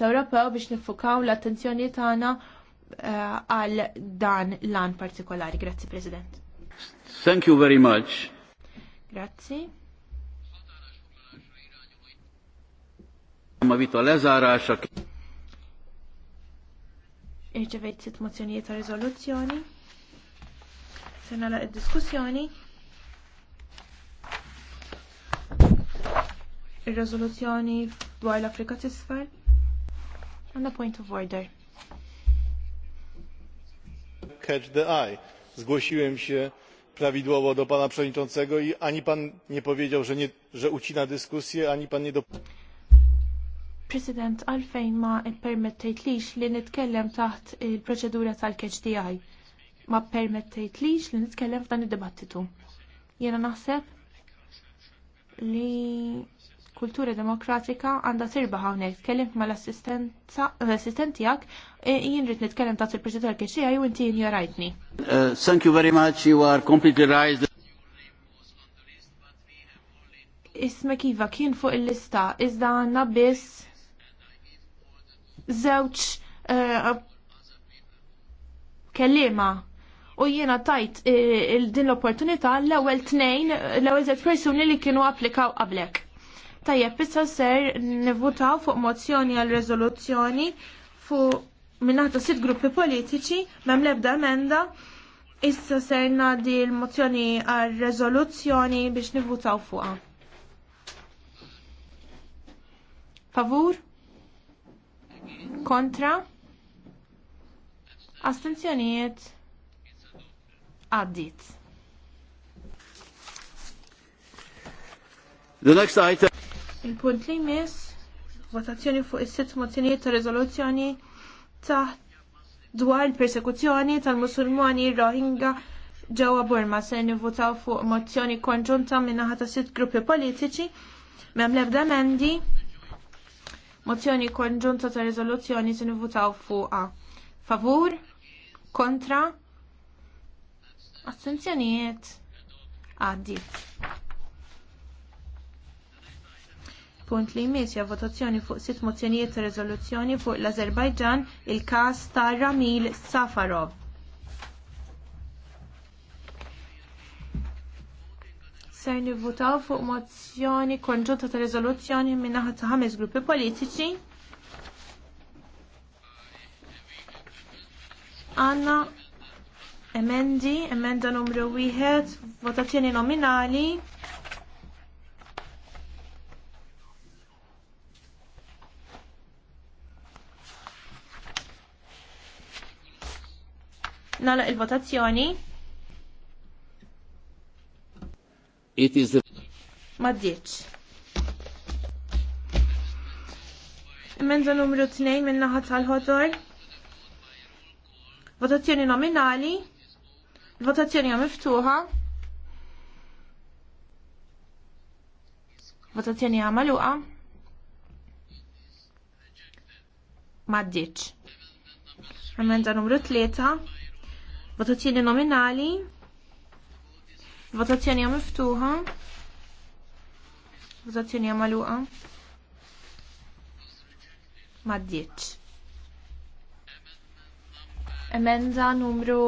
Ewropew biex nifukaw l-attenzjoni tagħna eh, għal dan l-an partikolari. Grazzi, President. Thank you very much. Grazzi. Ma vito l xak. Irġevejt sit mozzjonijiet ta' riżoluzzjoni. Sena la' id-diskussjoni. ir rizoluzzjoni dwar l-Afrika t'isfel. On the point of order. Catch the eye. Zgłosiłem się prawidłowo do pana przewodniczącego i ani pan nie powiedział, że, nie, że ucina dyskusję, ani pan nie do... President, għalfejn ma permettejt permettejtlix li nitkellem taħt il-proċedura tal-catch the eye. Ma permettejt permettejtlix li nitkellem f'dan il-debattitu. Jena naħseb li kultura demokratika għandha tirba hawnhekk tkellimt mal-assistent tiegħek e, jien rrid nitkellem ta' il-President tal-Kexija jew inti ignorajtni. Uh, thank you very much, you are completely right. Isma kiva kien fuq il-lista iżda għandna biss żewġ uh, kellima u jiena tajt uh, din l-opportunità l-ewwel tnejn l-ewwel żewġ persuni li kienu applikaw qablek. Tajjeb, issa ser nivutaw fuq mozzjoni għal rezoluzzjoni fuq minnaħta sit gruppi politiċi, mem lebda emenda, issa ser nadi l-mozzjoni għal rezoluzzjoni biex nivutaw fuqa. Favur? Kontra? Astenzjonijiet? Addit. The next item Il-punt li jmiss votazzjoni fuq is-sitt mozzjonijiet ta' riżoluzzjoni ta' dwar il-persekuzzjoni tal-Musulmani Rohingya ġewwa Burma se nivvutaw fuq mozzjoni konġunta minnaħa ta' sitt gruppi politiċi m'hemm l-ebda emendi mozzjoni konġunta ta' riżoluzzjoni se nivvutaw fuqha. Favur? Kontra? Astenzjonijiet? Għaddit. punt li jmiss ja votazzjoni fuq sitt mozzjonijiet ta' riżoluzzjoni fuq l-Azerbajġan il-każ ta' Ramil Safarov. Ser nivvutaw fuq mozzjoni konġunta ta' riżoluzzjoni minn naħa ta' ħames gruppi politiċi. Anna emendi, emenda numru wieħed, votazzjoni nominali. Nala il-votazzjoni. It is the... Maddiċ. Emenda numru 2 minn ħat tal-ħodor. Votazzjoni nominali. Votazzjoni miftuħa. votazzjoni għamaluqa maddiċ. Emenda numru 3 Votazzjoni nominali. Votazzjoni għam iftuħa. Votazzjoni għam għaluqa. Maddiċ. Emenda numru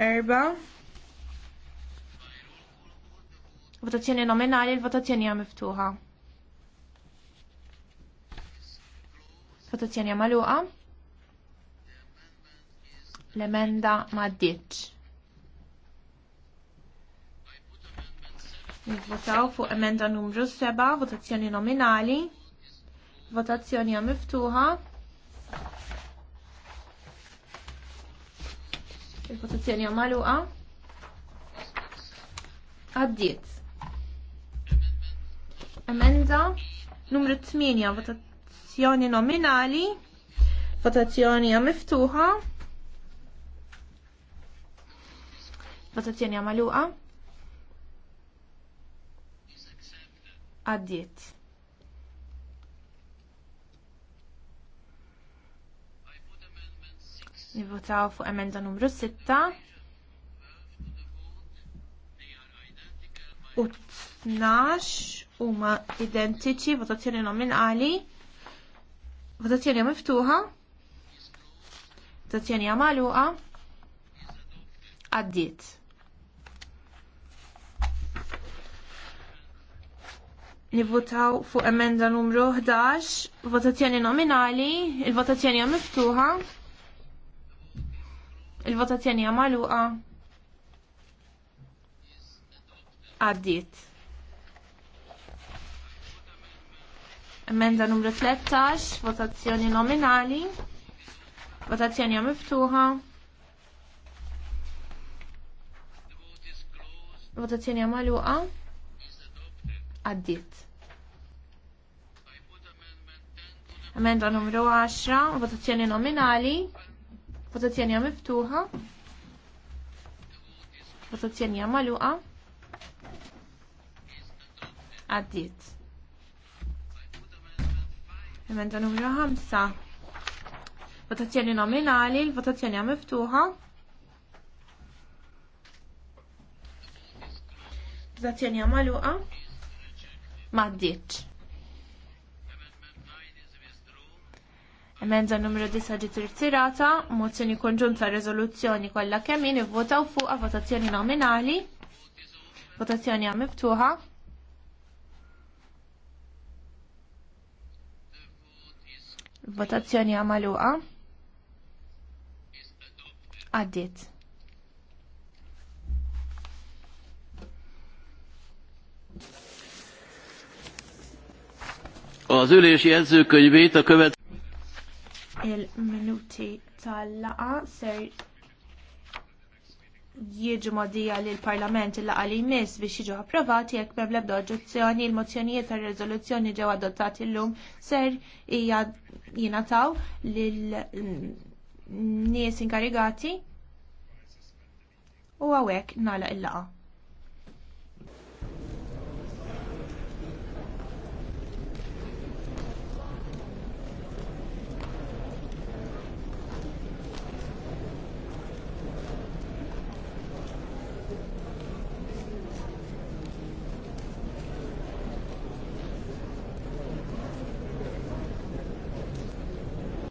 4. Votazzjoni nominali, il-votazzjoni għam iftuħa. Votazzjoni għam għaluqa. L-emenda maddiċ. Nivvotaw fuq emenda numru 7, votazzjoni nominali. Votazzjoni għam miftuħa. Il-votazzjoni għam maluqa. Għaddiet. Emenda numru 8, votazzjoni nominali. Votazzjoni għam miftuħa. Votazzjoni għamaluqa. Għaddiet. Nivotaw fuq emenda numru 6. U 12 huma identiċi, votazzjoni nominali. Votazzjoni miftuħa. Votazzjoni għamaluqa. Għaddiet. Nivvotaw fuq emenda numru 11, votazzjoni nominali, il-votazzjoni hija miftuħa, il-votazzjoni hija magħluqa. Għaddiet. Emenda numru 13, votazzjoni nominali, votazzjoni hija miftuħa. Votazzjoni hija magħluqa għaddiet. Emenda numru 10, votazzjoni nominali, votazzjoni miftuħa, votazzjoni maluqa, għaddiet. Emenda numru 5, votazzjoni nominali, votazzjoni miftuħa, votazzjoni maluqa, maddiċ. Emenda numru 9 ġiet irtirata, mozzjoni konġunta rezoluzzjoni kollha kemm min ivvotaw fuqa, votazzjoni nominali. Votazzjoni hija Votazzjoni għamaluqa. magħluqa. Az ülés jegyzőkönyvét a követ... Il-minuti tal-laqa ser jieġu modija li l-Parlament il-laqa li jmiss biex jiġu approvati jekk mebla b'doġġuzzjoni il-mozzjonijiet tar rezoluzzjoni ġew adottati l-lum ser hija jingħataw l nies inkarigati u għawek nala il-laqa.